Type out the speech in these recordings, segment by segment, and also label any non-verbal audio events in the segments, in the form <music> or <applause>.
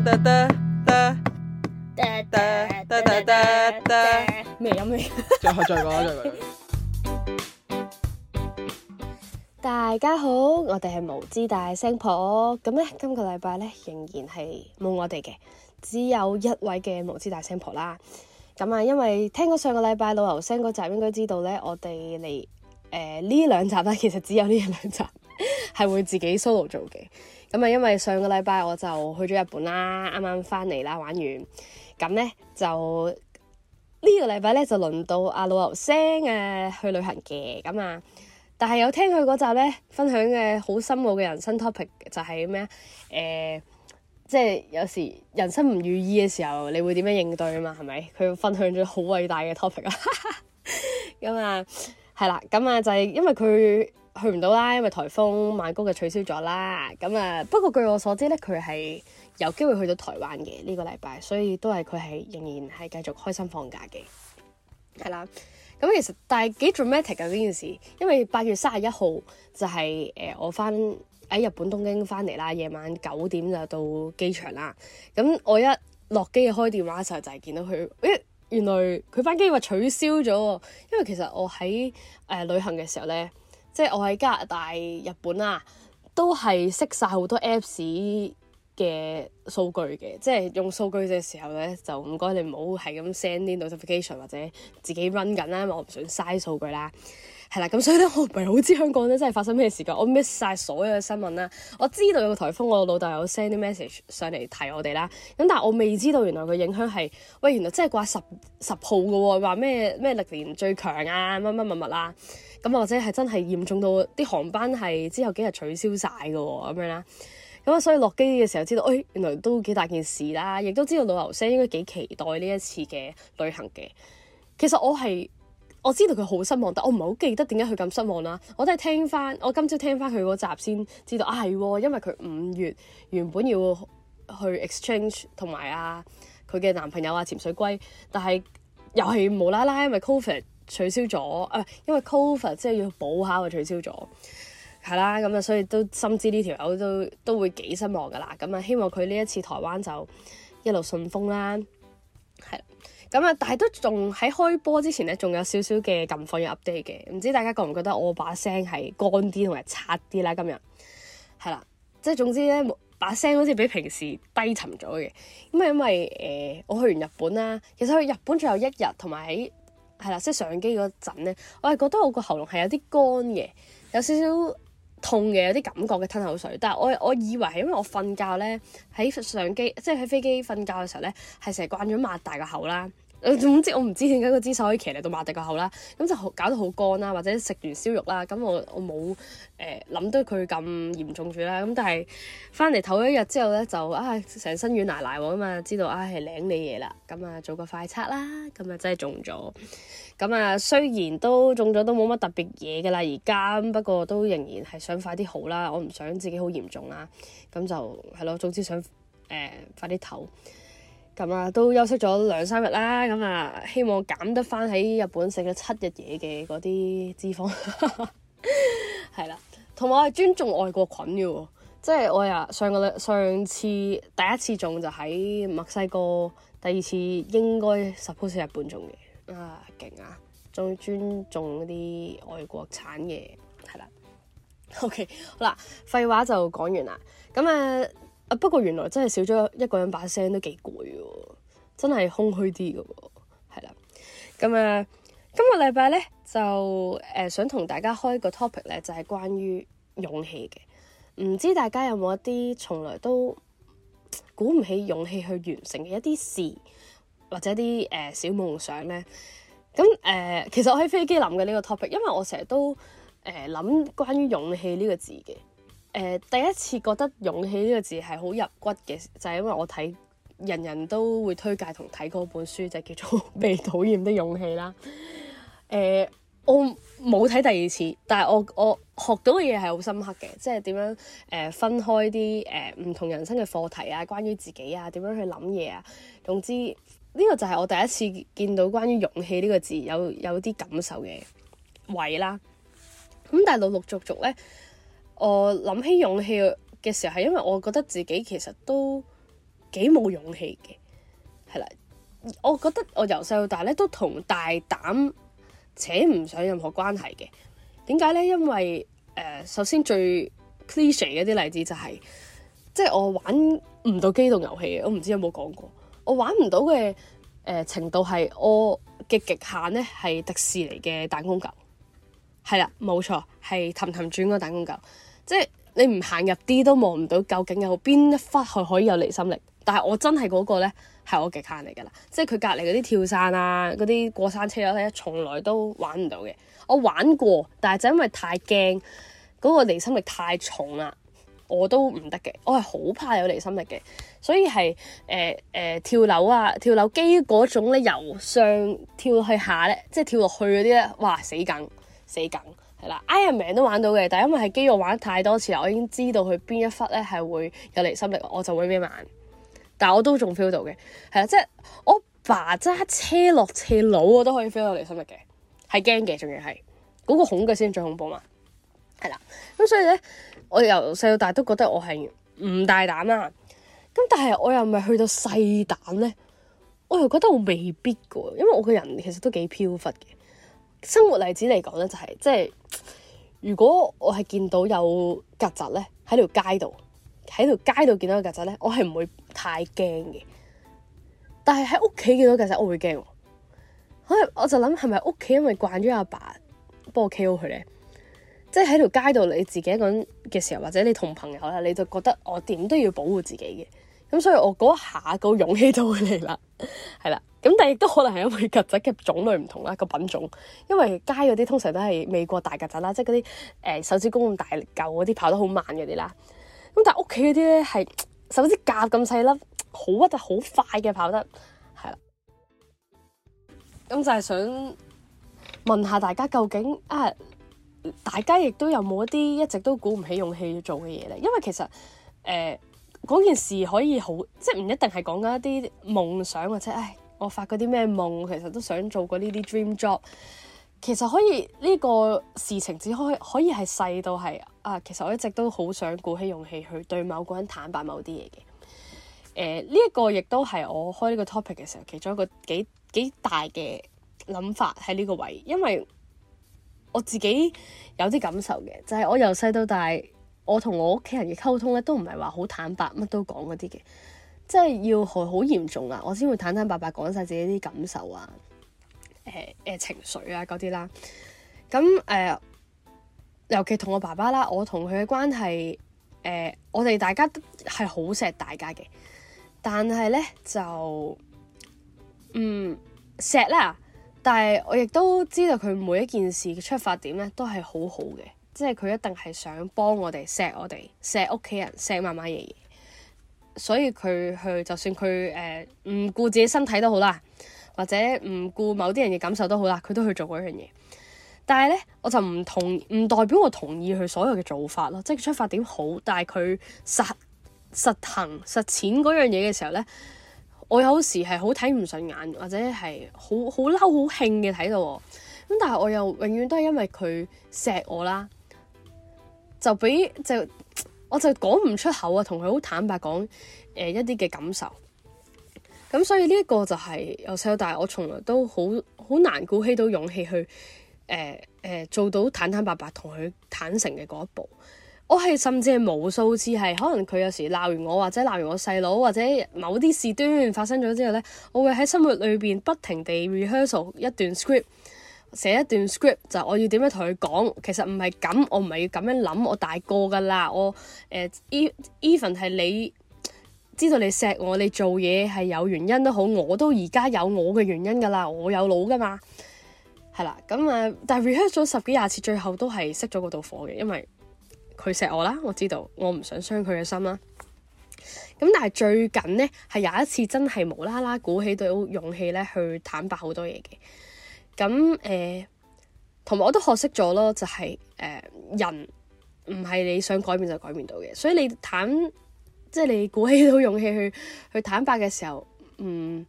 咩飲咩？再下一個，再一個。大家好，我哋係無知大聲婆。咁咧，今個禮拜咧仍然係冇我哋嘅，只有一位嘅無知大聲婆啦。咁、嗯、啊，因為聽過上個禮拜老劉 send 嗰集，應該知道咧，我哋嚟誒呢兩集咧，其實只有呢一兩集係 <laughs> 會自己 solo 做嘅。咁啊、嗯，因為上個禮拜我就去咗日本啦，啱啱翻嚟啦，玩完。咁咧就、這個、呢個禮拜咧就輪到阿老牛聲誒、啊、去旅行嘅。咁、嗯、啊，但係有聽佢嗰集咧分享嘅好深奧嘅人生 topic 就係咩誒，即係有時人生唔如意嘅時候，你會點樣應對啊？嘛，係咪？佢分享咗好偉大嘅 topic 啊、 <laughs> 嗯。咁、嗯、啊，係、嗯、啦，咁、嗯、啊、嗯嗯、就係、是、因為佢。去唔到啦，因為颱風萬高就取消咗啦。咁啊，不過據我所知咧，佢係有機會去到台灣嘅呢個禮拜，所以都係佢係仍然係繼續開心放假嘅，係啦。咁其實但係幾 dramatic 㗎呢件事，啊、因為八月三十一號就係、是、誒、呃、我翻喺日本東京翻嚟啦，夜晚九點就到機場啦。咁我一落機開電話嘅時候，就係、是、見到佢，因為原來佢翻機話取消咗，因為其實我喺誒、呃、旅行嘅時候咧。即係我喺加拿大、日本啊，都係識晒好多 Apps 嘅數據嘅，即係用數據嘅時候咧，就唔該你唔好係咁 send 啲 notification 或者自己 run 緊啦，因為我唔想嘥數據啦。係啦，咁所以咧，我唔係好知香港咧真係發生咩事噶，我 miss 晒所有嘅新聞啦。我知道有個颱風，我老豆有 send 啲 message 上嚟提我哋啦。咁但係我未知道原來個影響係，喂原來真係掛十十號噶喎，啊，話咩咩歷年最強啊，乜乜乜乜啦。咁或者係真係嚴重到啲航班係之後幾日取消晒㗎喎，咁樣啦。咁啊，所以落機嘅時候知道，誒原來都幾大件事啦，亦都知道老劉生應該幾期待呢一次嘅旅行嘅。其實我係我知道佢好失望，但我唔係好記得點解佢咁失望啦。我都係聽翻，我今朝聽翻佢嗰集先知道，啊係，因為佢五月原本要去 exchange 同埋啊佢嘅男朋友啊潛水龜，但係又係無啦啦，因為 c o 取消咗啊、呃、因為 cover 即係要補考啊，取消咗，係啦，咁、嗯、啊，所以都深知呢條友都都會幾失望噶啦。咁、嗯、啊，希望佢呢一次台灣就一路順風啦。係啦，咁、嗯、啊，但係都仲喺開波之前咧，仲有少少嘅近況嘅 update 嘅。唔知大家覺唔覺得我把聲係乾啲同埋差啲啦？今日係啦，即係總之咧，把聲好似比平時低沉咗嘅。咁啊，因為誒、呃、我去完日本啦，其實去日本仲有一日同埋喺。係啦，即係上機嗰陣咧，我係覺得我個喉嚨係有啲乾嘅，有少少痛嘅，有啲感覺嘅吞口水。但係我我以為係因為我瞓覺咧，喺上機即係喺飛機瞓覺嘅時候咧，係成日慣咗擘大個口啦。總之我唔知點解個姿勢可以騎嚟到馬迪個口啦，咁就搞到好乾啦，或者食完燒肉啦，咁我我冇誒諗到佢咁嚴重住啦，咁但係翻嚟唞一日之後咧就啊成身軟腍腍喎，咁啊知道啊係領你嘢啦，咁啊做個快測啦，咁啊真係中咗，咁啊雖然都中咗都冇乜特別嘢噶啦，而家不過都仍然係想快啲好啦，我唔想自己好嚴重啦，咁就係咯，總之想誒、呃、快啲唞。咁啊，都休息咗兩三日啦，咁啊，希望減得翻喺日本食咗七日嘢嘅嗰啲脂肪，係 <laughs> 啦。同埋我係尊重外國菌嘅喎，即係我呀上個兩上次第一次種就喺墨西哥，第二次應該 suppose 日本種嘅，啊勁啊，仲要尊重嗰啲外國產嘅，係啦。OK，好啦，廢話就講完啦，咁啊～啊！不過原來真係少咗一個人把聲都幾攰喎，真係空虛啲噶喎，係啦。咁啊、呃，今個禮拜咧就誒、呃、想同大家開一個 topic 咧，就係關於勇氣嘅。唔知大家有冇一啲從來都鼓唔起勇氣去完成嘅一啲事，或者啲誒、呃、小夢想咧？咁誒、呃，其實我喺飛機諗嘅呢個 topic，因為我成日都誒諗、呃、關於勇氣呢個字嘅。呃、第一次覺得勇氣呢個字係好入骨嘅，就係、是、因為我睇人人都會推介同睇嗰本書，就是、叫做《被討厭的勇氣》啦。呃、我冇睇第二次，但係我我學到嘅嘢係好深刻嘅，即係點樣誒、呃、分開啲誒唔同人生嘅課題啊，關於自己啊，點樣去諗嘢啊，總之呢、呢個就係我第一次見到關於勇氣呢個字有有啲感受嘅位啦。咁但係陸陸續續咧。我諗起勇氣嘅時候，係因為我覺得自己其實都幾冇勇氣嘅，係啦。我覺得我由細到大咧都同大膽扯唔上任何關係嘅。點解咧？因為誒、呃，首先最 cliche 嘅啲例子就係，即係我玩唔到機動遊戲嘅。我唔知有冇講過，我玩唔到嘅誒、呃、程度係我嘅極限咧，係迪士尼嘅彈弓狗，係啦，冇錯，係氹氹轉個彈弓狗。即係你唔行入啲都望唔到究竟有邊一忽係可以有離心力，但係我真係嗰個咧係我極限嚟㗎啦！即係佢隔離嗰啲跳傘啊、嗰啲過山車咧、啊，從來都玩唔到嘅。我玩過，但係就因為太驚，嗰、嗰個離心力太重啦，我都唔得嘅。我係好怕有離心力嘅，所以係誒誒跳樓啊、跳樓機嗰種咧由上跳去下咧，即係跳落去嗰啲咧，哇死梗死梗！係啦，Iron Man 都玩到嘅，但係因為係肌肉玩太多次啦，我已經知道佢邊一忽咧係會有離心力，我就會咩玩。但係我都仲 feel 到嘅，係啦，即係我爸揸車落斜路，我都可以 feel 到離心力嘅，係驚嘅，仲要係嗰個恐懼先最恐怖嘛。係啦，咁所以咧，我由細到大都覺得我係唔大膽啊。咁但係我又唔係去到細膽咧，我又覺得我未必噶，因為我個人其實都幾飄忽嘅。生活例子嚟講咧，就係即係如果我係見到有曱甴咧喺條街度，喺條街度見到個曱甴咧，我係唔會太驚嘅。但係喺屋企見到曱甴，我會驚。所以我就諗係咪屋企因為慣咗阿爸幫我 KO 佢咧，即係喺條街度你自己一個人嘅時候，或者你同朋友啦，你就覺得我點都要保護自己嘅。咁、嗯、所以，我嗰下個勇氣都會嚟啦，係 <laughs> 啦。咁但係亦都可能係因為曱甴嘅種類唔同啦，個品種。因為街嗰啲通常都係美國大曱甴啦，即係嗰啲誒手指公咁大嚿嗰啲跑得好慢嗰啲啦。咁但係屋企嗰啲咧係手指甲咁細粒，好核突，好快嘅跑得，係啦。咁就係想問下大家，究竟啊，大家亦都有冇一啲一直都鼓唔起勇氣要做嘅嘢咧？因為其實誒。呃嗰件事可以好，即係唔一定係講緊一啲夢想或者，唉，我發過啲咩夢，其實都想做過呢啲 dream job。其實可以呢個事情只可以可以係細到係啊，其實我一直都好想鼓起勇氣去對某個人坦白某啲嘢嘅。誒、呃，呢一個亦都係我開呢個 topic 嘅時候，其中一個幾幾大嘅諗法喺呢個位，因為我自己有啲感受嘅，就係我由細到大。我同我屋企人嘅溝通咧，都唔係話好坦白，乜都講嗰啲嘅，即係要害好嚴重啊，我先會坦坦白白講晒自己啲感受啊，誒、呃、誒、呃、情緒啊嗰啲啦。咁誒、呃，尤其同我爸爸啦，我同佢嘅關係，誒、呃，我哋大家都係好錫大家嘅，但係咧就，嗯，錫啦，但係我亦都知道佢每一件事嘅出發點咧，都係好好嘅。即係佢一定係想幫我哋錫我哋錫屋企人錫媽媽爺爺，所以佢去就算佢誒唔顧自己身體都好啦，或者唔顧某啲人嘅感受都好啦，佢都去做嗰樣嘢。但係咧，我就唔同，唔代表我同意佢所有嘅做法咯。即係佢出發點好，但係佢實實行實踐嗰樣嘢嘅時候咧，我有時係好睇唔順眼，或者係好好嬲好興嘅睇到我。咁但係我又永遠都係因為佢錫我啦。就俾就，我就講唔出口啊！同佢好坦白講，誒、呃、一啲嘅感受。咁所以呢一個就係由細到大，我從來都好好難鼓起到勇氣去，誒、呃、誒、呃、做到坦坦白白同佢坦誠嘅嗰一步。我係甚至係無數次係，可能佢有時鬧完我，或者鬧完我細佬，或者某啲事端發生咗之後咧，我會喺生活裏邊不停地 rehearsal 一段 script。寫一段 script 就我要點樣同佢講，其實唔係咁，我唔係要咁樣諗，我大個噶啦，我誒、呃、even 係你知道你錫我，你做嘢係有原因都好，我都而家有我嘅原因噶啦，我有腦噶嘛，係啦，咁啊，但係 rehearse 咗十幾廿次，最後都係熄咗嗰度火嘅，因為佢錫我啦，我知道我唔想傷佢嘅心啦，咁但係最近呢，係有一次真係無啦啦鼓起到勇氣咧去坦白好多嘢嘅。咁誒，同埋、呃、我都學識咗咯，就係、是、誒、呃、人唔係你想改變就改變到嘅，所以你坦，即係你鼓起到勇氣去去坦白嘅時候，嗯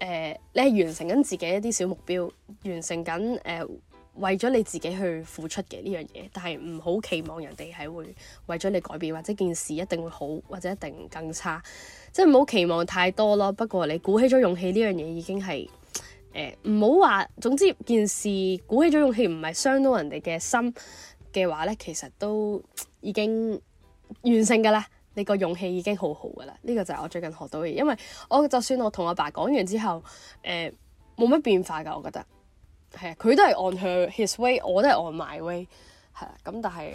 誒、呃，你係完成緊自己一啲小目標，完成緊誒、呃、為咗你自己去付出嘅呢樣嘢，但係唔好期望人哋係會為咗你改變，或者件事一定會好，或者一定更差，即係唔好期望太多咯。不過你鼓起咗勇氣呢樣嘢，已經係。誒唔好話，總之件事鼓起咗勇氣，唔係傷到人哋嘅心嘅話咧，其實都已經完成㗎啦。你個勇氣已經好好㗎啦。呢、這個就係我最近學到嘅，因為我就算我同阿爸講完之後，誒冇乜變化㗎。我覺得係啊，佢都係按佢 his way，我都係 on my way，係啦。咁但係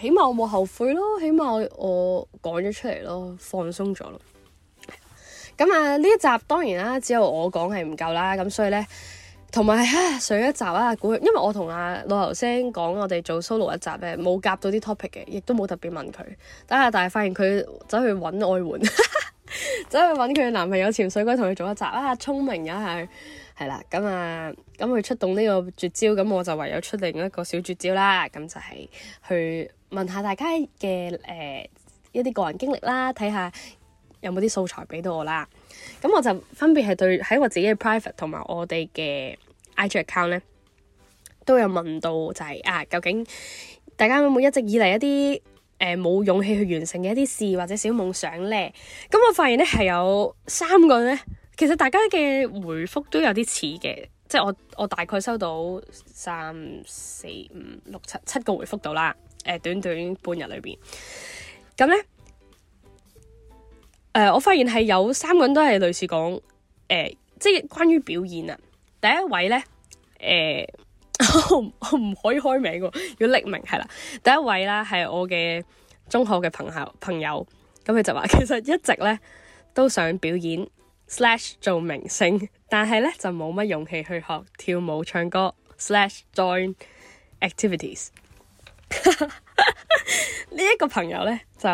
起碼我冇後悔咯，起碼我講咗出嚟咯，放鬆咗咯。咁啊，呢一集當然啦，只有我講係唔夠啦，咁所以咧，同埋啊上一集啊，估，因為我同阿老頭先講，我哋做 Solo 一集咧，啊，冇夾到啲 topic 嘅，亦都冇特別問佢，等下但係發現佢走去揾外援， <laughs> 走去揾佢嘅男朋友潛水鬼同佢做一集啊，聰明啊，係，係啦，咁啊，咁佢出動呢個絕招，咁我就唯有出另一個小絕招啦，咁就係去問下大家嘅誒、呃、一啲個人經歷啦，睇下。有冇啲素材俾到我啦？咁我就分別係對喺我自己嘅 private 同埋我哋嘅 IG account 咧，都有問到就係、是、啊，究竟大家有冇一直以嚟一啲誒冇勇氣去完成嘅一啲事或者小夢想咧？咁我發現咧係有三個咧，其實大家嘅回覆都有啲似嘅，即係我我大概收到三四五六七七個回覆到啦，誒、呃、短短半日裏邊，咁咧。誒、呃，我發現係有三個人都係類似講，誒、呃，即係關於表演啊。第一位咧，誒、呃，我唔可以開名嘅，要匿名係啦。第一位啦係我嘅中學嘅朋友朋友，咁佢就話其實一直咧都想表演，slash 做明星，但係咧就冇乜勇氣去學跳舞、唱歌，slash join activities。 <laughs> 呢一個朋友咧，就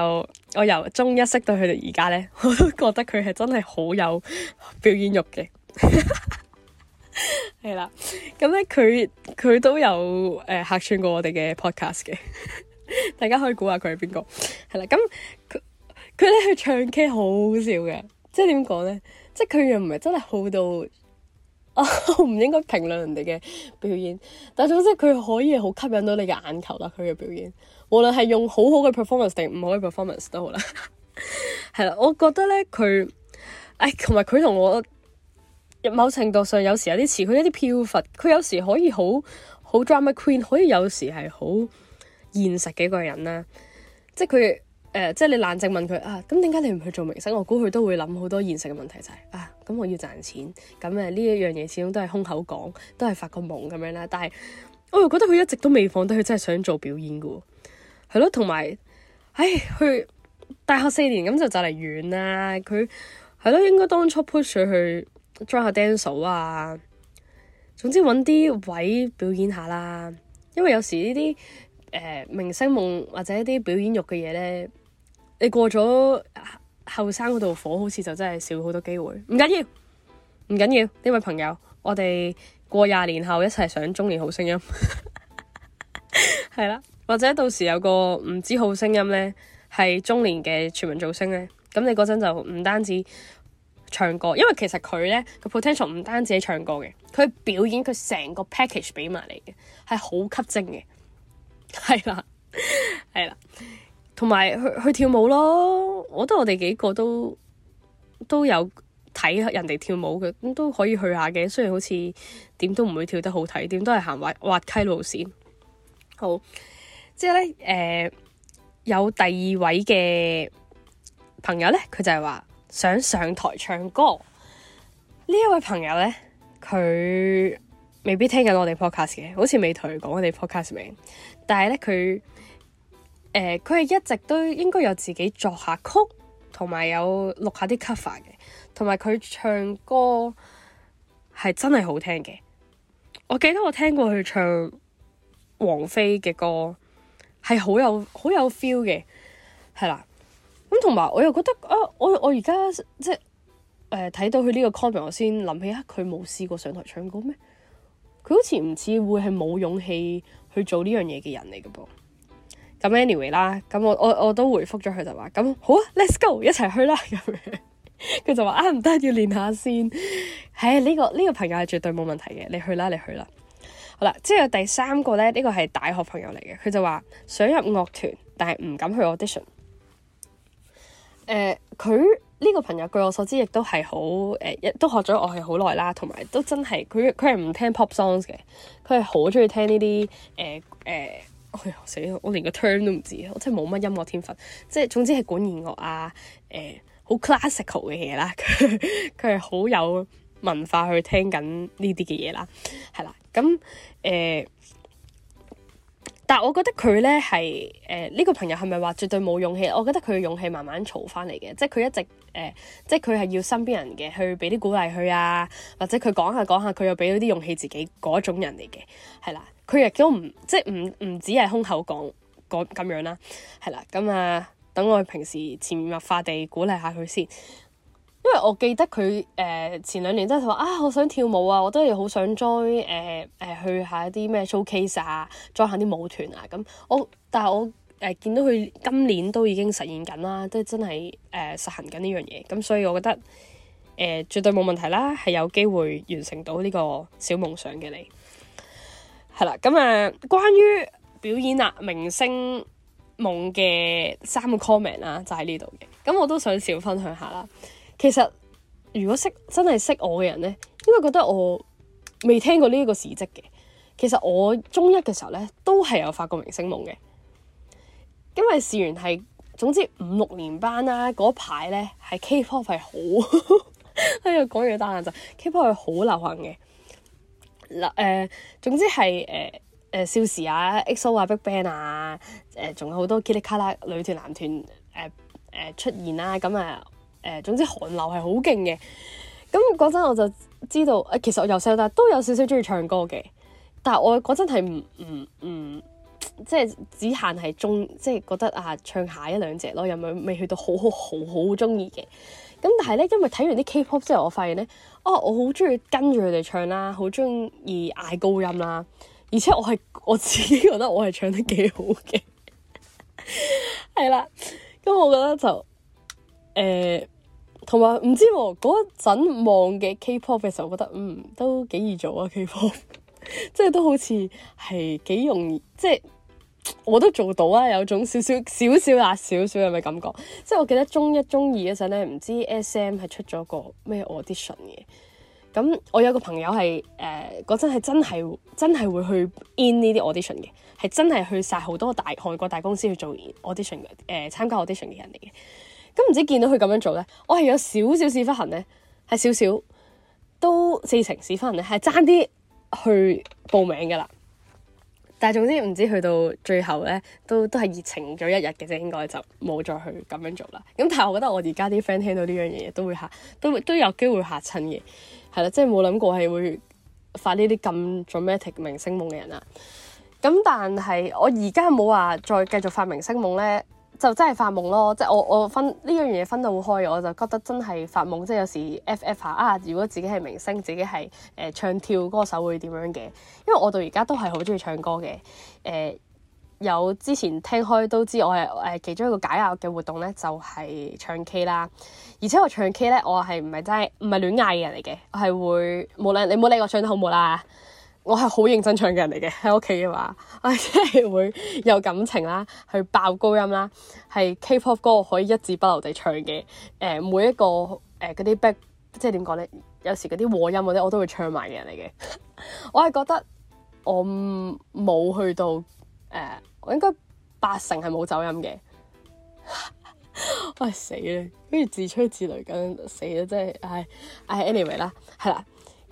我由中一識到佢哋而家咧，我都覺得佢係真係好有表演欲嘅，係啦。咁咧，佢佢都有誒客串過我哋嘅 podcast 嘅，大家可以估下佢係邊個？係啦，咁佢佢咧去唱 K 好好笑嘅，即係點講咧？即係佢又唔係真係好到。我唔 <laughs> 應該評論人哋嘅表演，但係總之佢可以好吸引到你嘅眼球啦。佢嘅表演，無論係用好好嘅 performance 定唔好嘅 performance 都好啦。係 <laughs> 啦，我覺得咧佢，誒同埋佢同我某程度上有時有啲似，佢一啲漂浮，佢有時可以好好 drama queen，可以有時係好現實嘅一個人啦。即係佢。誒、呃，即係你冷靜問佢啊，咁點解你唔去做明星？我估佢都會諗好多現實嘅問題，就是，就係啊，咁我要賺錢，咁誒呢一樣嘢始終都係空口講，都係發個夢咁樣啦。但係我又覺得佢一直都未放低，佢真係想做表演嘅喎，係咯，同埋，唉，佢大學四年咁就就嚟完啦，佢係咯，應該當初 push 佢去 join 下 dance 啊，總之揾啲位表演下啦，因為有時呢啲誒明星夢或者一啲表演欲嘅嘢咧。你過咗後生嗰道火，好似就真係少好多機會。唔緊要，唔緊要，呢位朋友，我哋過廿年後一齊上中年好聲音，係 <laughs> 啦了，或者到時有個唔知好聲音呢，係中年嘅全民造星呢。咁你嗰陣就唔單止唱歌，因為其實佢呢，個 potential 唔單止係唱歌嘅，佢表演佢成個 package 俾埋嚟嘅，係好吸睛嘅，係啦，係 <laughs> 啦。同埋去去跳舞咯，我覺得我哋幾個都都有睇人哋跳舞嘅，咁都可以去下嘅。雖然好似點都唔會跳得好睇，點都係行滑滑稽路線。好，之後咧，誒、呃、有第二位嘅朋友咧，佢就係話想上台唱歌。呢一位朋友咧，佢未必聽緊我哋 podcast 嘅，好似未同佢講我哋 podcast 名，但係咧佢。誒，佢係、呃、一直都應該有自己作下曲，同埋有，有錄下啲 cover 嘅，同埋佢唱歌係真係好聽嘅。我記得我聽過佢唱王菲嘅歌，係好有好有 feel 嘅，係啦。咁同埋我又覺得啊，我我而家即係誒睇到佢呢個 comment，我先諗起，啊佢冇試過上台唱歌咩？佢好似唔似會係冇勇氣去做呢樣嘢嘅人嚟嘅噃。咁 anyway 啦，咁我我我都回覆咗佢就話，咁好啊，let's go，一齊去啦咁樣，佢 <laughs> 就話啊唔得，done，要練下先。唉、 <laughs> 哎，呢、這個呢、這個朋友係絕對冇問題嘅，你去啦，你去啦。好啦，之後第三個咧，呢、這個係大學朋友嚟嘅，佢就話想入樂團，但係唔敢去 audition。誒、呃，佢呢、這個朋友據我所知亦都係好誒，亦都、呃、學咗樂器好耐啦，同埋都真係佢佢係唔聽 pop songs 嘅，佢係好中意聽呢啲誒誒。呃呃死啦、哎！我連個 turn 都唔知，我真係冇乜音樂天分，即係總之係管弦樂啊，誒、呃，好 classical 嘅嘢啦，佢係好有文化去聽緊呢啲嘅嘢啦，係啦，咁誒。呃但我覺得佢咧係誒呢個朋友係咪話絕對冇勇氣？我覺得佢勇氣慢慢儲翻嚟嘅，即係佢一直誒、呃，即係佢係要身邊人嘅去俾啲鼓勵佢啊，或者佢講下講下，佢又俾咗啲勇氣自己嗰種人嚟嘅，係啦，佢亦都唔即係唔唔只係空口講講咁樣啦，係啦，咁啊，等我平時潛移默化地鼓勵下佢先。因為我記得佢誒、呃、前兩年都係話啊，好想跳舞啊，我都係好想 join 誒誒去下啲咩 showcase 啊，join 下啲舞團啊。咁我但係我誒、呃、見到佢今年都已經實現緊啦，即係都真係誒、呃、實行緊呢樣嘢。咁所以我覺得誒、呃、絕對冇問題啦，係有機會完成到呢個小夢想嘅你係啦。咁誒、呃、關於表演啊，明星夢嘅三個 comment 啦、啊，就喺呢度嘅。咁我都想少分享下啦。其實如果識真係識我嘅人咧，應該覺得我未聽過呢一個事跡嘅。其實我中一嘅時候咧，都係有發過明星夢嘅。因為試完係，總之五六年班啦，嗰排咧係 K-pop 係好，哎呀，講完打眼就 K-pop 係好流行嘅。嗱，誒，總之係誒誒，少、呃呃、時啊，EXO 啊，BigBang 啊，誒、啊，仲、呃、有好多 Kitty 卡拉女團男團，誒、呃、誒、呃，出現啦，咁啊。誒、呃，總之韓流係好勁嘅，咁嗰陣我就知道，呃、其實我由細到大都有少少中意唱歌嘅，但係我嗰陣係唔唔唔，即係只限係中意，即係覺得啊，唱下一兩隻咯，又咪未去到好好好好中意嘅。咁但係咧，因為睇完啲 K-pop 之後，我發現咧，啊，我好中意跟住佢哋唱啦，好中意嗌高音啦，而且我係我自己覺得我係唱得幾好嘅，係 <laughs> 啦，咁我覺得就。誒，同埋唔知喎，嗰陣望嘅 K-pop 嘅時候，我覺得嗯都幾易做啊，K-pop，即係 <laughs> 都好似係幾容易，即係我都做到啊，有種少少少少啊、少少嘅感覺。即係我記得中一中二嗰陣咧，唔知 S.M 係出咗個咩 audition 嘅，咁我有個朋友係誒嗰陣係真係真係會去 in 呢啲 audition 嘅，係真係去晒好多大韓國大公司去做 audition，誒參加 audition 嘅人嚟嘅。咁唔知見到佢咁樣做咧，我係有少少屎忽痕咧，係少少都四成屎忽痕咧，係爭啲去報名㗎喇。但係總之唔知去到最後咧，都都係熱情咗一日嘅啫，應該就冇再去咁樣做啦。咁但係我覺得我而家啲 friend 聽到呢樣嘢都會嚇，都都有機會嚇親嘅，係啦，即係冇諗過係會發呢啲咁 dramatic 明星夢嘅人啦。咁但係我而家冇話再繼續發明星夢咧。就真係發夢咯，即係我我分呢樣嘢分到好開，我就覺得真係發夢。即係有時 FF 下啊，如果自己係明星，自己係誒、呃、唱跳歌手會點樣嘅？因為我到而家都係好中意唱歌嘅誒、呃。有之前聽開都知我，我係誒其中一個解壓嘅活動咧，就係、是、唱 K 啦。而且我唱 K 咧，我係唔係真係唔係亂嗌嘅人嚟嘅？我係會無論你冇理我唱得好唔好啦。我係好認真唱嘅人嚟嘅，喺屋企嘅話，我係真係會有感情啦，去爆高音啦，係 K-pop 歌可以一字不漏地唱嘅，誒、呃、每一個誒嗰啲逼，呃、back，即係點講咧？有時嗰啲和音嗰啲我都會唱埋嘅人嚟嘅。 <laughs> 我係覺得我冇去到誒、呃，我應該八成係冇走音嘅。我 <laughs> 係、哎、死啦，跟住自吹自擂咁死啦，真係，唉、哎、唉、哎、anyway 啦，係啦。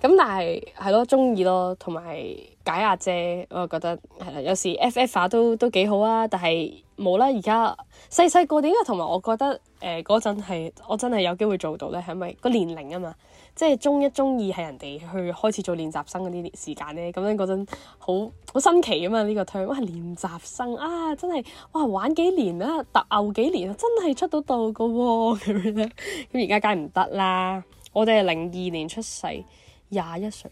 咁、嗯、但係係咯，中意咯，同埋解壓啫。我覺得係啦，有時 F F 化都都幾好啊。但係冇啦，而家細細個啲啊，同埋我覺得誒嗰陣係我真係有機會做到咧，係咪個年齡啊嘛？即係中一、中二係人哋去開始做練習生嗰啲時間咧，咁樣嗰陣好好新奇啊嘛！呢、呢個推 u 哇練習生啊，真係哇玩幾年啦、啊，突牛幾年啊，真係出到道噶喎咁樣。咁而家梗係唔得啦，我哋係零二年出世。廿一歲，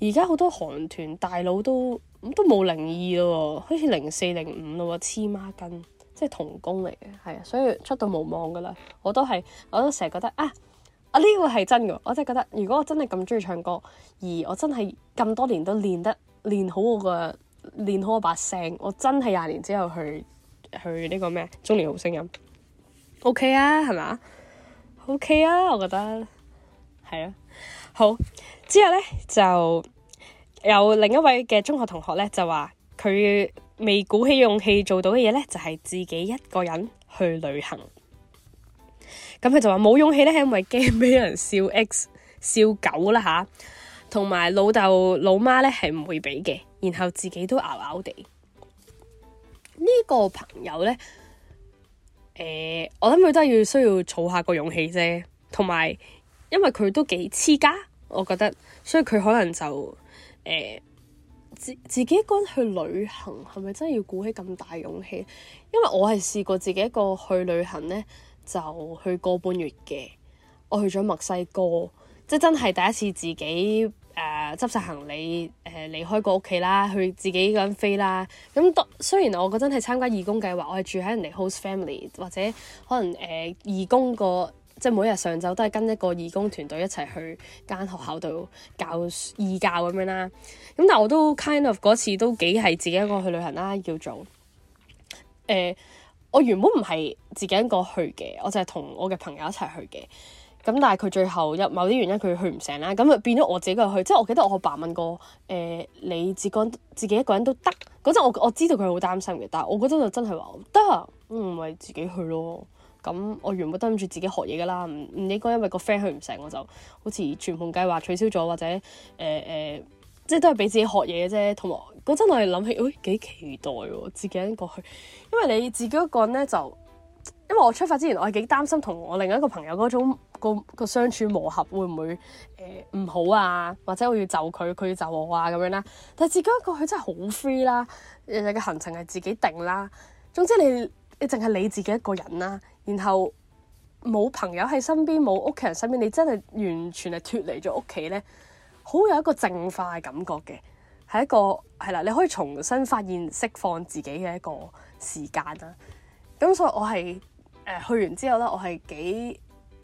而家好多韓團大佬都咁都冇零二咯，好似零四零五咯，黐孖筋，即係童工嚟嘅。係啊，所以出道無望噶啦。我都係，我都成日覺得啊，啊呢個係真噶，我真係覺得，如果我真係咁中意唱歌，而我真係咁多年都練得練好我個練好我把聲，我真係廿年之後去去呢個咩中年好聲音，OK 啊，係嘛，OK 啊，我覺得係啊。好，之後呢，就有另一位嘅中學同學呢，就話佢未鼓起勇氣做到嘅嘢呢，就係、是、自己一個人去旅行。咁、嗯、佢就話冇勇氣呢，係因為驚俾人笑 X 笑狗啦吓，同埋老豆老媽呢，係唔會俾嘅，然後自己都咬咬地。呢、這個朋友呢，呃、我諗佢都係要需要儲下個勇氣啫，同埋。因為佢都幾黐家，我覺得，所以佢可能就誒、呃、自自己一個人去旅行，係咪真係要鼓起咁大勇氣？因為我係試過自己一個去旅行咧，就去個半月嘅，我去咗墨西哥，即係真係第一次自己誒、呃、執曬行李誒離、呃、開個屋企啦，去自己一個人飛啦。咁當雖然我嗰陣係參加義工計劃，我係住喺人哋 host family 或者可能誒、呃、義工個。即係每日上晝都係跟一個義工團隊一齊去間學校度教義教咁樣啦，咁但係我都 kind of 嗰次都幾係自己一個去旅行啦，要做。誒、呃，我原本唔係自己一個去嘅，我就係同我嘅朋友一齊去嘅。咁但係佢最後有某啲原因佢去唔成啦，咁就變咗我自己一個去。即係我記得我阿爸問過，誒、呃，你自個自己一個人都得？嗰陣我我知道佢好擔心嘅，但係我嗰陣就真係話得，我唔係自己去咯。咁我原本都諗住自己學嘢噶啦，唔唔應該因為個 friend 去唔成，我就好似全盤計劃取消咗，或者誒誒、呃呃，即係都係俾自己學嘢啫。同埋嗰陣我係諗起，誒、哎、幾期待喎、啊、自己一個人去，因為你自己一個人咧，就因為我出發之前，我係幾擔心同我另一個朋友嗰種個個相處磨合會唔會誒唔、呃、好啊，或者我要就佢，佢要就我啊咁樣啦。但係自己一個人去真係好 free 啦，日日嘅行程係自己定啦。總之你你淨係你自己一個人啦。然後冇朋友喺身邊，冇屋企人身邊，你真係完全係脫離咗屋企咧，好有一個淨化嘅感覺嘅，係一個係啦，你可以重新發現釋放自己嘅一個時間啦。咁所以我係誒、呃、去完之後咧，我係幾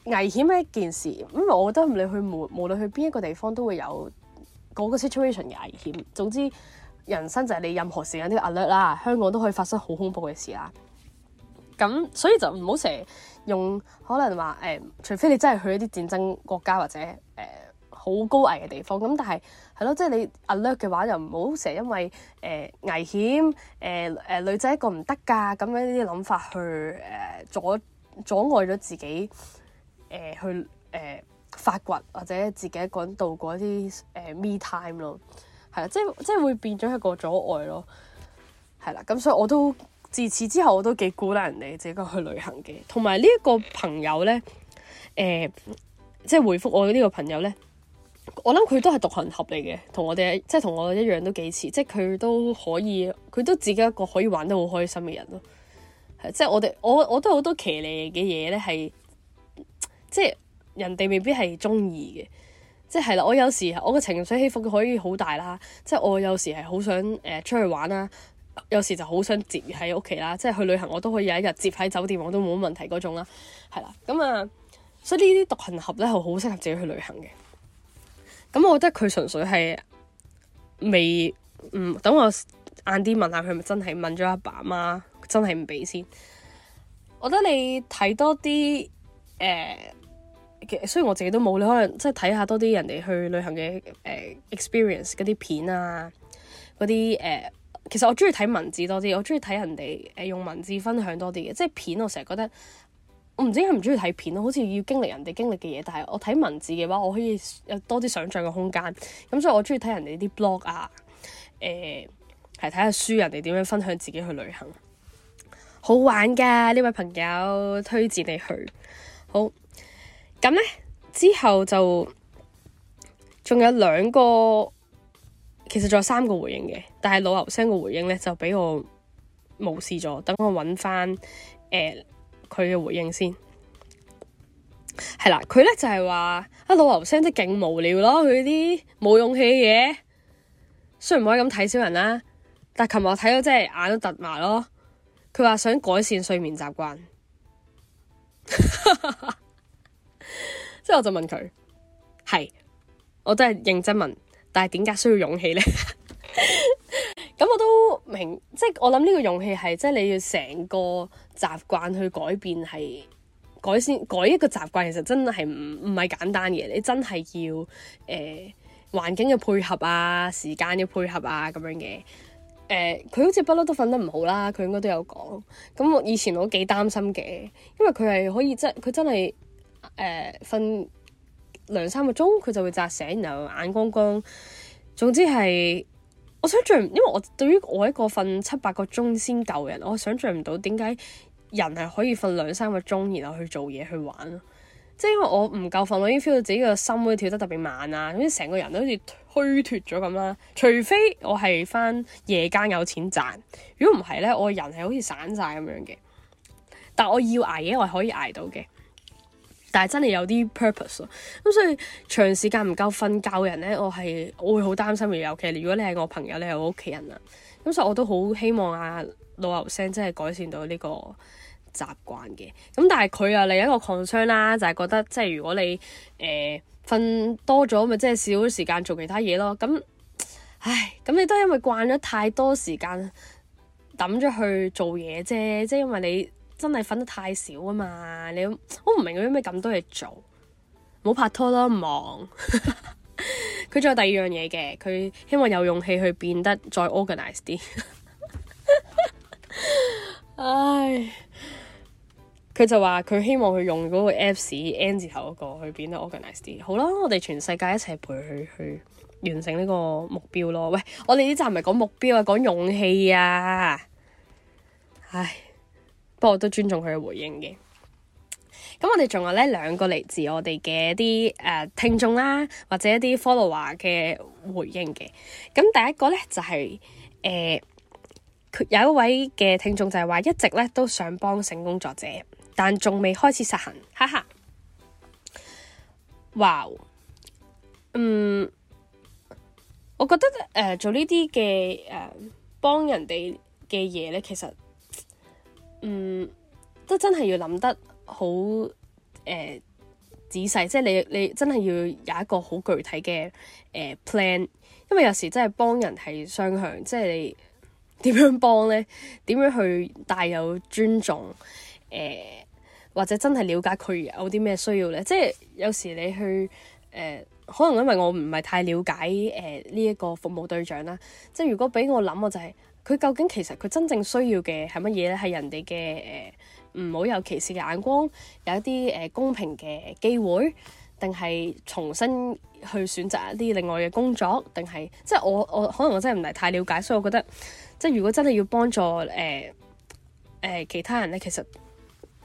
危險嘅一件事，咁、嗯、我覺得你去無無論去邊一個地方都會有嗰個 situation 嘅危險。總之，人生就係你任何時間都要 alert 啦，香港都可以發生好恐怖嘅事啦。咁所以就唔好成日用可能話誒、呃，除非你真係去一啲戰爭國家或者誒好、呃、高危嘅地方。咁但係係咯，即係、就是、你 alert 嘅話，又唔好成日因為誒、呃、危險誒誒、呃呃、女仔一個唔得噶咁樣呢啲諗法去誒、呃、阻阻礙咗自己誒、呃、去誒、呃、發掘或者自己一個人度過一啲誒、呃、me time 咯。係啊，即係即係會變咗一個阻礙咯。係啦，咁所以我都。自此之後，我都幾鼓勵人哋自己去旅行嘅。同埋呢一個朋友咧，誒、呃，即係回覆我呢個朋友咧，我諗佢都係獨行俠嚟嘅，同我哋即係同我一樣都幾似，即係佢都可以，佢都自己一個可以玩得好開心嘅人咯。即係我哋，我我都好多騎呢嘅嘢咧，係即係人哋未必係中意嘅。即係係啦，我有時我嘅情緒起伏可以好大啦。即係我有時係好想誒、呃、出去玩啦。有時就好想接喺屋企啦，即係去旅行，我都可以有一日接喺酒店，我都冇問題嗰種啦，係啦，咁啊，所以呢啲獨行俠咧係好適合自己去旅行嘅。咁我覺得佢純粹係未，嗯，等我晏啲問下佢，咪真係問咗阿爸阿媽，真係唔俾先。我覺得你睇多啲，誒、呃，其實雖然我自己都冇，你可能即係睇下多啲人哋去旅行嘅誒、呃、experience 嗰啲片啊，嗰啲誒。呃其實我中意睇文字多啲，我中意睇人哋誒用文字分享多啲嘅，即係片我成日覺得我唔知係唔中意睇片咯，好似要經歷人哋經歷嘅嘢，但係我睇文字嘅話，我可以有多啲想象嘅空間，咁所以我中意睇人哋啲 blog 啊，誒係睇下書，人哋點樣分享自己去旅行，好玩噶，呢位朋友推薦你去，好，咁咧之後就仲有兩個。其實仲有三個回應嘅，但係老劉聲嘅回應咧就俾我無視咗，等我揾翻誒佢嘅回應先係啦。佢咧就係、是、話啊老劉聲即係勁無聊咯，佢啲冇勇氣嘅，嘢。雖然唔可以咁睇小人啦、啊，但係琴日我睇到真係眼都突埋咯。佢話想改善睡眠習慣，之 <laughs> 係 <laughs> 我就問佢係，我真係認真問。但係點解需要勇氣呢？咁 <laughs> 我都明，即係我諗呢個勇氣係即係你要成個習慣去改變，係改善改一個習慣，其實真係唔唔係簡單嘅。你真係要誒、呃、環境嘅配合啊，時間嘅配合啊咁樣嘅。誒、呃、佢好似不嬲都瞓得唔好啦，佢應該都有講。咁我以前我都幾擔心嘅，因為佢係可以即佢真係誒瞓。呃兩三個鐘佢就會扎醒，醒，然後眼光光。總之係，我想最因為我對於我一個瞓七八個鐘先夠嘅人，我想象唔到點解人係可以瞓兩三個鐘然後去做嘢去玩咯。即係因為我唔夠瞓，我已經 feel 到自己個心會跳得特別慢啊，咁成個人都好似虛脫咗咁啦。除非我係翻夜間有錢賺，如果唔係咧，我人係好似散晒咁樣嘅。但我要捱嘢，我係可以捱到嘅。但係真係有啲 purpose 咯，咁所以長時間唔夠瞓覺嘅人咧，我係我會好擔心嘅，尤其如果你係我朋友，你係我屋企人啦。咁所以我都好希望啊老牛聲真係改善到呢個習慣嘅。咁但係佢又嚟一個 concern 啦，就係覺得即係如果你誒瞓、呃、多咗咪即係少時間做其他嘢咯。咁唉，咁你都係因為慣咗太多時間揼咗去做嘢啫，即係因為你。真係瞓得太少啊嘛！你我唔明佢咩咁多嘢做，冇拍拖咯，忙。佢 <laughs> 仲有第二樣嘢嘅，佢希望有勇氣去變得再 organized 啲。 <laughs> 唉，佢就話佢希望佢用嗰個 apps N 字頭嗰個去變得 organized 啲。好啦，我哋全世界一齊陪佢去，去完成呢個目標咯。喂，我哋呢集唔係講目標啊，講勇氣啊。唉。不過我都尊重佢嘅回應嘅，咁我哋仲有呢兩個嚟自我哋嘅一啲誒、呃、聽眾啦，或者一啲 follower 嘅回應嘅，咁第一個呢，就係、是、誒、呃，有一位嘅聽眾就係話一直咧都想幫性工作者，但仲未開始實行，哈哈。哇，嗯，我覺得誒、呃、做呢啲嘅誒幫人哋嘅嘢呢，其實。嗯，都真係要諗得好誒、呃、仔細，即係你你真係要有一個好具體嘅誒、呃、plan，因為有時真係幫人係雙向，即係你點樣幫咧，點樣去帶有尊重誒、呃，或者真係了解佢有啲咩需要咧，即係有時你去誒、呃，可能因為我唔係太了解誒呢一個服務對象啦，即係如果俾我諗我就係、是。佢究竟其實佢真正需要嘅係乜嘢咧？係人哋嘅誒、唔好有歧視嘅眼光，有一啲誒、呃、公平嘅機會，定係重新去選擇一啲另外嘅工作，定係即係我我可能我真係唔係太了解，所以我覺得即係如果真係要幫助誒誒、呃呃、其他人咧，其實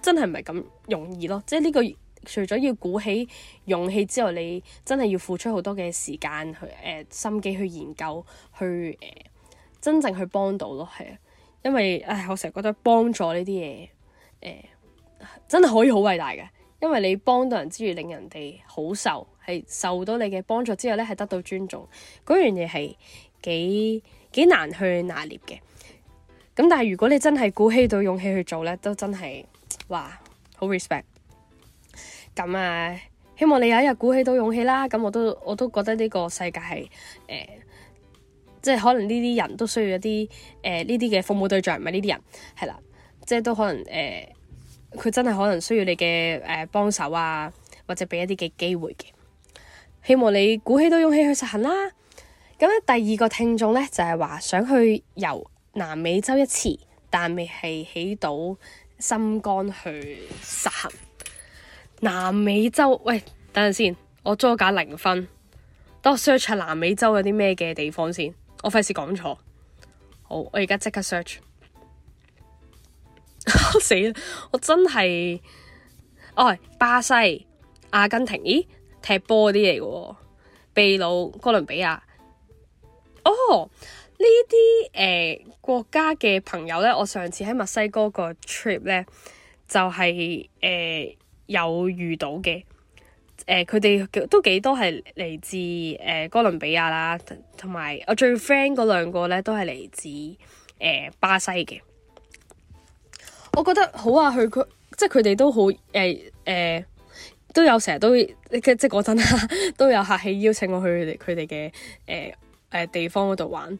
真係唔係咁容易咯。即係呢、這個除咗要鼓起勇氣之外，你真係要付出好多嘅時間去誒、呃、心機去研究去誒。呃真正去幫到咯，係啊，因為唉，我成日覺得幫助呢啲嘢，真係可以好偉大嘅，因為你幫到人之餘，令人哋好受，係受到你嘅幫助之後呢，係得到尊重，嗰樣嘢係幾幾難去拿捏嘅。咁但係如果你真係鼓起到勇氣去做呢，都真係哇，好 respect。咁啊，希望你有一日鼓起到勇氣啦。咁我都我都覺得呢個世界係即係可能呢啲人都需要一啲誒呢啲嘅服務對象，唔係呢啲人係啦，即係都可能誒，佢、呃、真係可能需要你嘅誒幫手啊，或者俾一啲嘅機會嘅。希望你鼓起到勇氣去實行啦。咁咧，第二個聽眾咧就係、是、話想去遊南美洲一次，但未係起到心肝去實行南美洲。喂，等陣先，我租架零分。等我 search 下南美洲有啲咩嘅地方先。我費事講錯，好，我而家即刻 search。死 <laughs> 啦！我真係，啊、哦，巴西、阿根廷，咦，踢波啲嚟嘅喎，秘魯、哥倫比亞。哦，呢啲誒國家嘅朋友咧，我上次喺墨西哥個 trip 咧，就係、是、誒、呃、有遇到嘅。誒佢哋都幾多係嚟自誒、呃、哥倫比亞啦，同埋我最 friend 嗰兩個咧都係嚟自誒、呃、巴西嘅。我覺得好啊，去佢即係佢哋都好誒誒、呃呃，都有成日都即係即嗰陣、啊、都有客氣邀請我去佢哋嘅誒誒地方嗰度玩。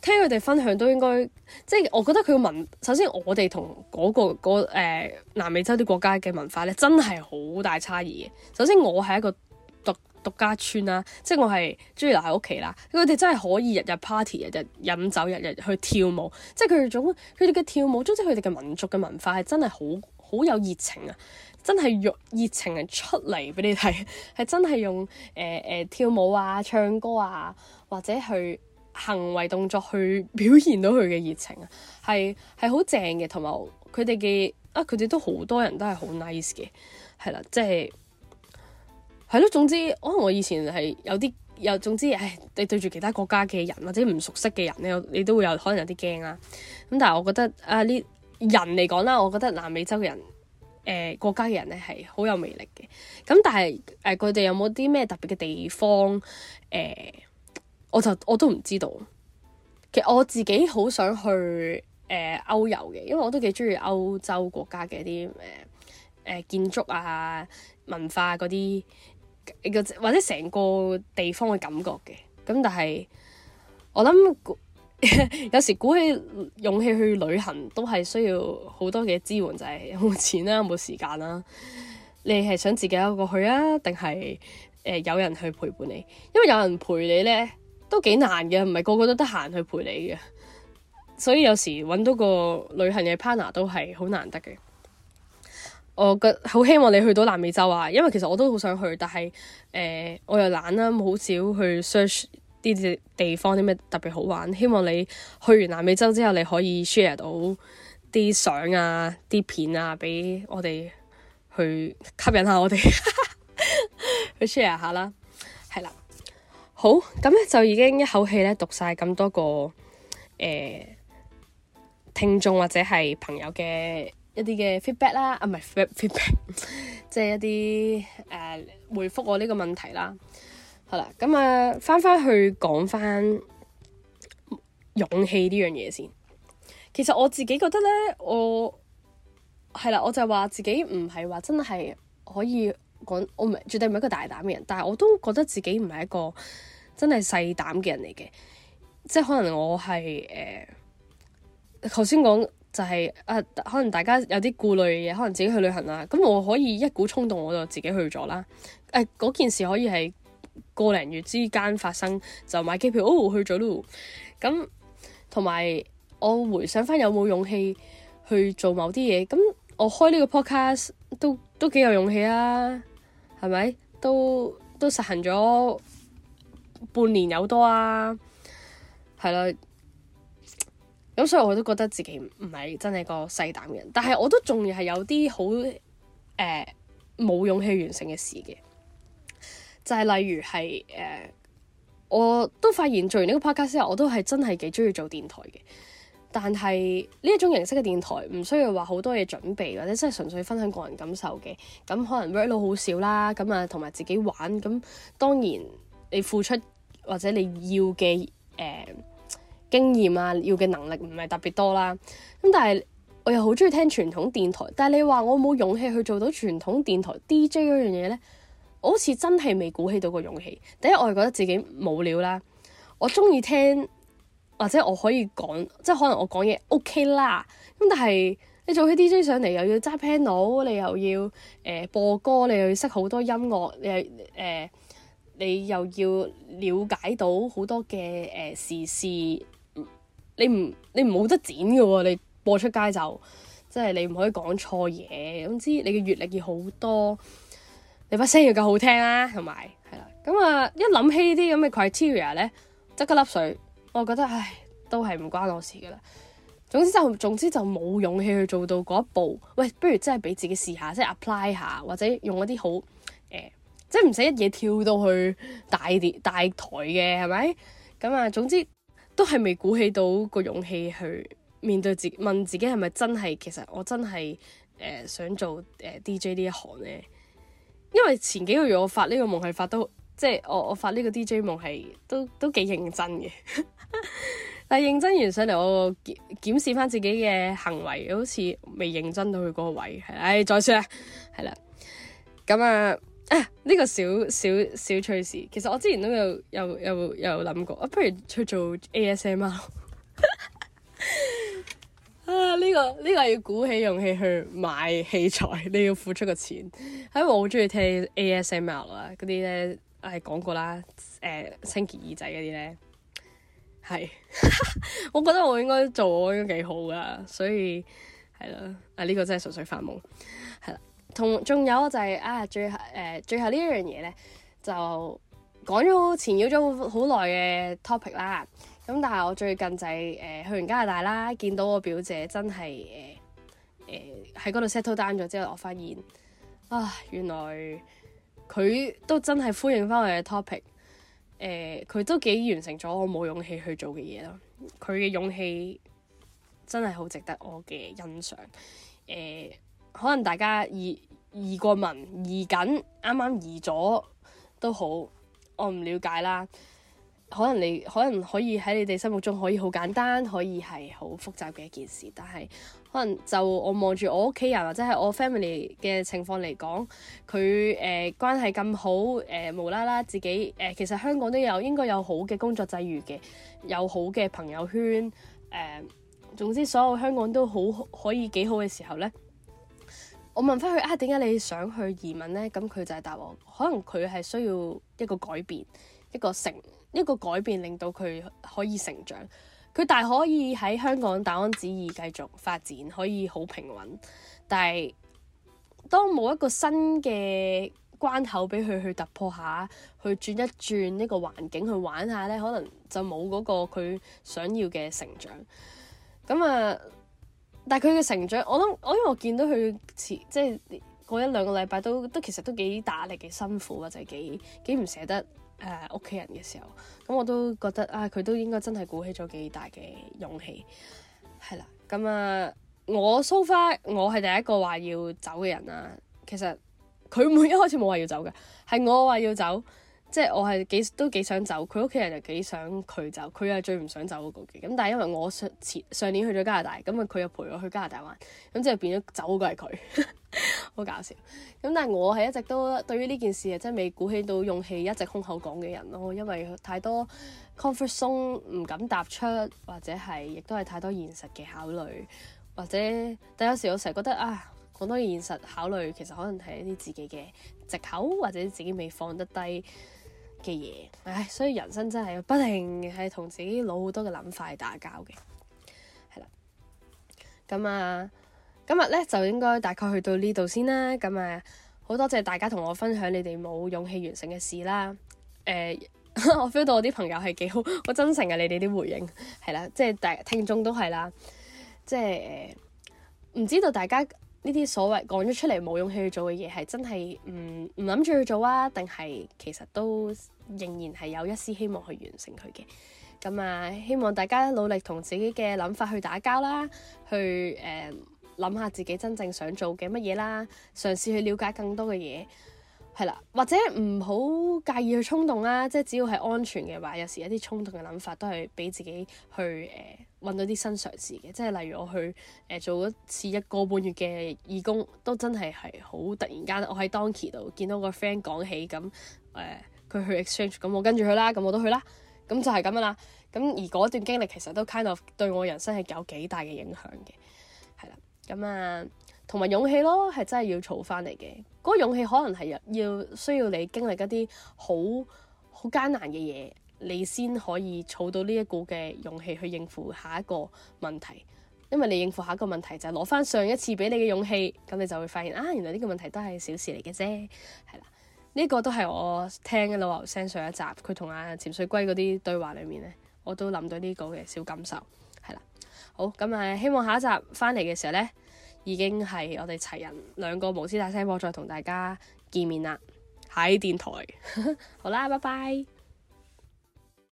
聽佢哋分享都應該，即係我覺得佢個文首先我哋同嗰個嗰誒南美洲啲國家嘅文化咧，真係好大差異嘅。首先我係、嗰個嗰個呃、一個獨獨家村、啊、家啦，即係我係中意留喺屋企啦。佢哋真係可以日日 party，日日飲酒，日日去跳舞。即係佢哋種佢哋嘅跳舞，總之佢哋嘅民族嘅文化係真係好好有熱情啊！真係用熱,熱情係出嚟俾你睇，係真係用誒誒、呃呃、跳舞啊、唱歌啊或者去。行為動作去表現到佢嘅熱情啊，係係好正嘅，同埋佢哋嘅啊，佢哋都好多人都係好 nice 嘅，係啦，即係係咯。總之，可能我以前係有啲有，總之，唉，你對住其他國家嘅人或者唔熟悉嘅人咧，你都會有可能有啲驚呀。咁但係我覺得啊，呢人嚟講啦，我覺得南美洲嘅人，誒、呃、國家嘅人咧係好有魅力嘅。咁但係誒佢哋有冇啲咩特別嘅地方誒？呃我就，我都唔知道，其實我自己好想去誒歐、呃、遊嘅，因為我都幾中意歐洲國家嘅一啲誒、誒建築啊、文化嗰、啊、啲或者成個地方嘅感覺嘅，咁但係我諗 <laughs> 有時鼓起勇氣去旅行都係需要好多嘅支援，就係、是、冇錢啦、啊、冇時間啦、啊，你係想自己一個去啊，定係誒有人去陪伴你？因為有人陪你咧。都幾難嘅，唔係個個都得閒去陪你嘅，所以有時揾到個旅行嘅 partner 都係好難得嘅。我覺得好希望你去到南美洲啊，因為其實我都好想去，但係誒、呃、我又懶啦，好少去 search 啲地地方啲咩特別好玩。希望你去完南美洲之後，你可以 share 到啲相啊、啲片啊俾我哋去吸引下我哋 <laughs> 去 share 下啦。好咁咧，就已經一口氣咧讀晒咁多個誒、呃、聽眾或者係朋友嘅一啲嘅 feedback 啦，啊唔係 feedback，即係 <laughs> 一啲誒、呃、回覆我呢個問題啦。好啦，咁啊，翻、呃、翻去講翻勇氣呢樣嘢先。其實我自己覺得咧，我係啦，我就話自己唔係話真係可以講，我唔係絕對唔係一個大膽嘅人，但係我都覺得自己唔係一個真係細膽嘅人嚟嘅，即係可能我係誒，頭先講就係、是、啊、呃，可能大家有啲顧慮嘅嘢，可能自己去旅行啊，咁我可以一股衝動我就自己去咗啦。誒、呃，嗰件事可以係個零月之間發生，就買機票哦去咗咯。咁同埋我回想返有冇勇氣去做某啲嘢，咁我開呢個 Podcast 都都幾有勇氣啊，係咪？都都實行咗。半年有多啊，係啦，咁所以我都覺得自己唔係真係個細膽嘅人，但係我都仲係有啲好誒冇勇氣完成嘅事嘅，就係、是、例如係誒、呃，我都發現做完呢個 podcast 之後，我都係真係幾中意做電台嘅，但係呢一種形式嘅電台唔需要話好多嘢準備，或者真係純粹分享個人感受嘅，咁可能 workload 好少啦，咁啊同埋自己玩，咁當然你付出。或者你要嘅誒、呃、經驗啊，要嘅能力唔係特別多啦。咁但係我又好中意聽傳統電台。但係你話我冇勇氣去做到傳統電台 DJ 嗰樣嘢咧，我好似真係未鼓起到個勇氣。第一，我係覺得自己冇料啦。我中意聽或者我可以講，即係可能我講嘢 OK 啦。咁但係你做起 DJ 上嚟又要揸 panel，你又要誒、呃、播歌，你又要識好多音樂，你係誒。呃你又要了解到好多嘅、誒、呃、時事，你唔你唔冇得剪噶喎、啊，你播出街就即係你唔可以講錯嘢。總之你嘅閱歷要好多，你把聲要夠好聽啦、啊，同埋係啦。咁啊，一諗起呢啲咁嘅 criteria 咧，即刻甩水。我覺得唉，都係唔關我事噶啦。總之就總之就冇勇氣去做到嗰一步。喂，不如真係俾自己試下，即係 apply 下，或者用一啲好。即係唔使一嘢跳到去大大台嘅，係咪咁啊？總之都係未鼓起到個勇氣去面對自問自己係咪真係其實我真係誒、呃、想做誒、呃、D J 呢一行咧。因為前幾個月我發呢個夢係發到，即係我我發呢個 D J 夢係都都幾認真嘅， <laughs> 但係認真完上嚟，我檢檢視翻自己嘅行為，好似未認真到佢個位。唉、哎，再算啦，係啦，咁啊。呃啊！呢、這個小小小趣事，其實我之前都有有有有諗過，我不如去做 ASMR。啊！呢、 <laughs> 啊這個呢、這個係要鼓起勇氣去買器材，你要付出個錢。因為我好中意聽 ASMR 啊。嗰啲咧係講過啦，誒清潔耳仔嗰啲咧係， <laughs> 我覺得我應該做，我應該幾好噶。所以係啦，啊呢、這個真係純粹發夢。同仲有就係、是、啊，最誒、呃、最後呢樣嘢咧，就講咗纏繞咗好耐嘅 topic 啦。咁但係我最近就係誒去完加拿大啦，見到我表姐真係誒誒、呃、喺嗰、呃、度 settle down 咗之後，我發現啊，原來佢都真係呼應翻我嘅 topic、呃。誒，佢都幾完成咗我冇勇氣去做嘅嘢咯。佢嘅勇氣真係好值得我嘅欣賞。誒、呃。可能大家移移過民移緊，啱啱移咗都好，我唔了解啦。可能你可能可以喺你哋心目中可以好簡單，可以係好複雜嘅一件事，但係可能就我望住我屋企人或者係我 family 嘅情況嚟講，佢誒、呃、關係咁好誒、呃，無啦啦自己誒、呃、其實香港都有應該有好嘅工作際遇嘅，有好嘅朋友圈誒、呃，總之所有香港都好可以幾好嘅時候咧。我問翻佢啊，點解你想去移民呢？」咁佢就係答我，可能佢係需要一個改變，一個成一個改變令到佢可以成長。佢大可以喺香港大安旨意繼續發展，可以好平穩。但係當冇一個新嘅關口俾佢去突破下，去轉一轉呢個環境去玩下呢，可能就冇嗰個佢想要嘅成長。咁啊～但佢嘅成長，我諗我因為我見到佢前即係過一兩個禮拜都都其實都幾大壓力、幾辛苦或者、就係、幾幾唔捨得誒屋企人嘅時候，咁我都覺得啊佢都應該真係鼓起咗幾大嘅勇氣，係啦。咁啊，我 so far 我係第一個話要走嘅人啊。其實佢每一開始冇話要走嘅，係我話要走。即係我係幾都幾想走，佢屋企人就幾想佢走，佢又係最唔想走嗰個嘅。咁但係因為我上前上年去咗加拿大，咁啊佢又陪我去加拿大玩，咁即係變咗走嗰個係佢，好 <laughs> 搞笑。咁但係我係一直都對於呢件事啊，真係未鼓起到勇氣，一直空口講嘅人咯。因為太多 comfort zone 唔敢踏出，或者係亦都係太多現實嘅考慮，或者但有時我成日覺得啊，講多現實考慮，其實可能係一啲自己嘅藉口，或者自己未放得低嘅嘢，唉，所以人生真係不停係同自己腦好多嘅諗法打交嘅，係啦，咁、嗯、啊、嗯，今日咧，就應該大概去到呢度先啦，咁、嗯、啊，好多謝大家同我分享你哋冇勇氣完成嘅事啦，誒、呃， <laughs> 我 feel 到我啲朋友係幾好，好 <laughs> 真誠啊你哋啲回應，係 <laughs> 啦，即係大聽眾都係啦，即係誒，唔知道大家。呢啲所謂講咗出嚟冇勇氣去做嘅嘢，係真係唔唔諗住去做啊？定係其實都仍然係有一絲希望去完成佢嘅？咁啊，希望大家努力同自己嘅諗法去打交啦，去誒諗下自己真正想做嘅乜嘢啦，嘗試去了解更多嘅嘢。係啦，或者唔好介意去衝動啦、啊，即係只要係安全嘅話，有時一啲衝動嘅諗法都係俾自己去誒揾、呃、到啲新嘗試嘅，即係例如我去誒、呃、做一次一個半月嘅義工，都真係係好突然間，我喺當期度見到個 friend 講起咁誒，佢、呃、去 exchange，咁我跟住佢啦，咁我都去啦，咁就係咁樣啦。咁而嗰段經歷其實都 kind of 對我人生係有幾大嘅影響嘅，係啦，咁啊同埋勇氣咯，係真係要儲翻嚟嘅。嗰個勇氣可能係要需要你經歷一啲好好艱難嘅嘢，你先可以儲到呢一股嘅勇氣去應付下一個問題。因為你應付下一個問題就係攞翻上一次俾你嘅勇氣，咁你就會發現啊，原來呢個問題都係小事嚟嘅啫，係啦。呢個都係我聽嘅老牛聲上一集佢同阿潛水龜嗰啲對話裡面咧，我都諗到呢個嘅小感受，係啦。好咁啊，希望下一集翻嚟嘅時候咧～已經係我哋齊人兩個無私大聲播，再同大家見面啦！喺電台 <laughs> 好啦，拜拜。